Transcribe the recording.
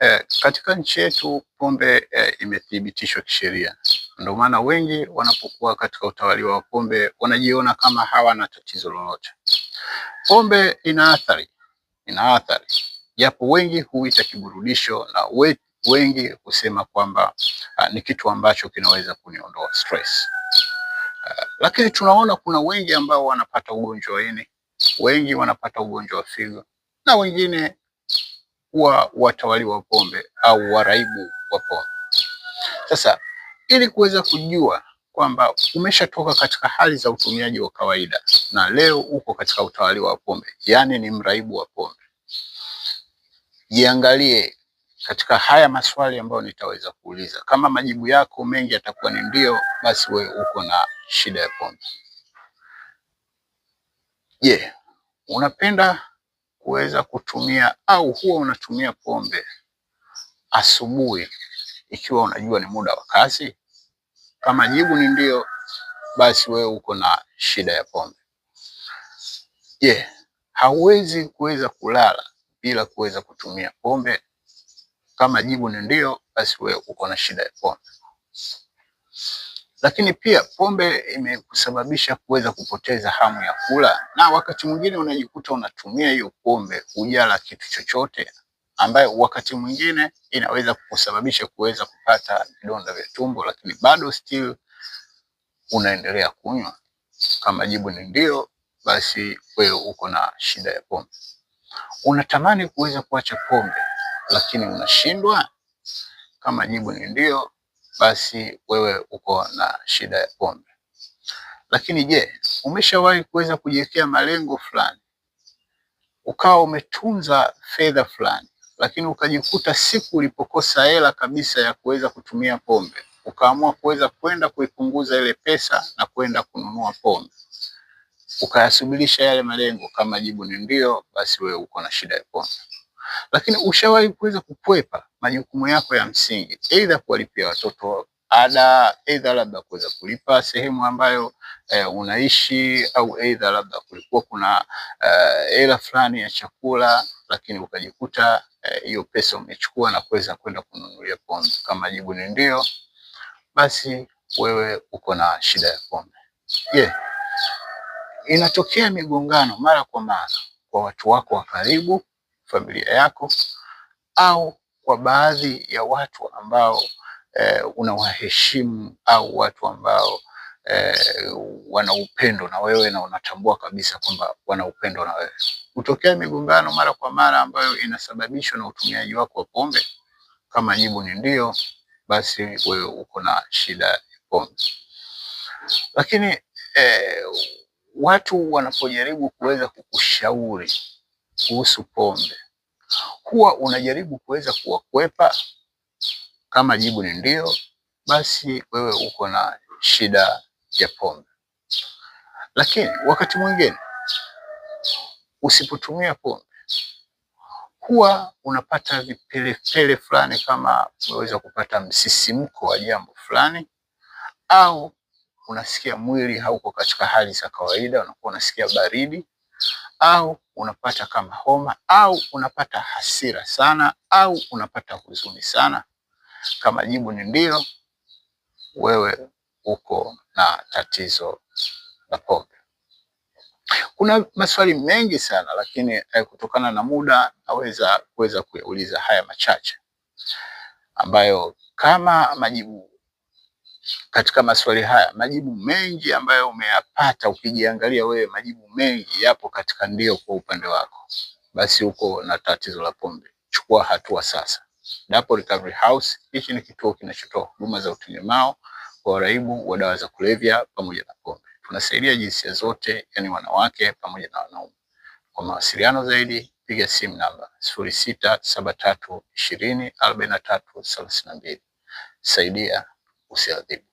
Eh, katika nchi yetu pombe eh, imethibitishwa kisheria, ndio maana wengi wanapokuwa katika utawali wa pombe wanajiona kama hawana tatizo lolote. Pombe ina athari, ina athari japo wengi huita kiburudisho na we, wengi husema kwamba uh, ni kitu ambacho kinaweza kuniondoa stress. Uh, lakini tunaona kuna wengi ambao wanapata ugonjwa wa ini, wengi wanapata ugonjwa wa figo na wengine kuwa watawali wa pombe au waraibu wa pombe. Sasa ili kuweza kujua kwamba umeshatoka katika hali za utumiaji wa kawaida na leo uko katika utawali wa pombe, yaani ni mraibu wa pombe, jiangalie katika haya maswali ambayo nitaweza kuuliza. Kama majibu yako mengi yatakuwa ni ndio, basi wewe uko na shida ya pombe. Je, yeah, unapenda kuweza kutumia au huwa unatumia pombe asubuhi ikiwa unajua ni muda wa kazi? Kama jibu ni ndio, basi wewe uko na shida ya pombe. Je, yeah, hauwezi kuweza kulala bila kuweza kutumia pombe? Kama jibu ni ndio, basi wewe uko na shida ya pombe. Lakini pia pombe imekusababisha kuweza kupoteza hamu ya kula, na wakati mwingine unajikuta unatumia hiyo pombe hujala kitu chochote, ambayo wakati mwingine inaweza kukusababisha kuweza kupata vidonda vya tumbo, lakini bado still unaendelea kunywa. Kama jibu ni ndio, basi wewe uko na shida ya pombe. Unatamani kuweza kuacha pombe lakini unashindwa? Kama jibu ni ndio, basi wewe uko na shida ya pombe. Lakini je, umeshawahi kuweza kujiwekea malengo fulani ukawa umetunza fedha fulani, lakini ukajikuta siku ulipokosa hela kabisa ya kuweza kutumia pombe, ukaamua kuweza kwenda kuipunguza ile pesa na kwenda kununua pombe, ukayasubirisha yale malengo? Kama jibu ni ndio, basi wewe uko na shida ya pombe lakini ushawahi kuweza kukwepa majukumu yako ya msingi, aidha kuwalipia watoto ada, aidha labda kuweza kulipa sehemu ambayo e, unaishi au aidha labda kulikuwa kuna eh, hela e, fulani ya chakula, lakini ukajikuta eh, hiyo e, pesa umechukua na kuweza kwenda kununulia pombe? Kama jibu ni ndio, basi wewe uko na shida ya pombe. Je, yeah. Inatokea migongano mara kwa mara kwa watu wako wa karibu familia yako au kwa baadhi ya watu ambao e, unawaheshimu au watu ambao e, wana upendo na wewe na unatambua kabisa kwamba wana upendo na wewe. Hutokea migongano mara kwa mara ambayo inasababishwa na utumiaji wako wa pombe? Kama jibu ni ndio, basi wewe uko na shida ya pombe. Lakini e, watu wanapojaribu kuweza kukushauri kuhusu pombe, huwa unajaribu kuweza kuwakwepa? Kama jibu ni ndio, basi wewe uko na shida ya pombe. Lakini wakati mwingine usipotumia pombe huwa unapata vipelepele fulani, kama unaweza kupata msisimko wa jambo fulani, au unasikia mwili hauko katika hali za kawaida, unakuwa unasikia baridi au unapata kama homa au unapata hasira sana au unapata huzuni sana? Kama jibu ni ndio, wewe uko na tatizo la pombe. Kuna maswali mengi sana lakini eh, kutokana na muda naweza kuweza kuyauliza haya machache ambayo kama majibu katika maswali haya. Majibu mengi ambayo umeyapata, ukijiangalia wewe, majibu mengi yapo katika ndio kwa upande wako, basi uko na tatizo la pombe. Chukua hatua sasa. Dapo Recovery House, hichi ni kituo kinachotoa huduma za utengemao kwa waraibu wa dawa za kulevya pamoja na pombe. Tunasaidia jinsia zote, yani wanawake pamoja na wanaume. Kwa mawasiliano zaidi piga simu namba sifuri sita saba tatu Saidia. O sea, de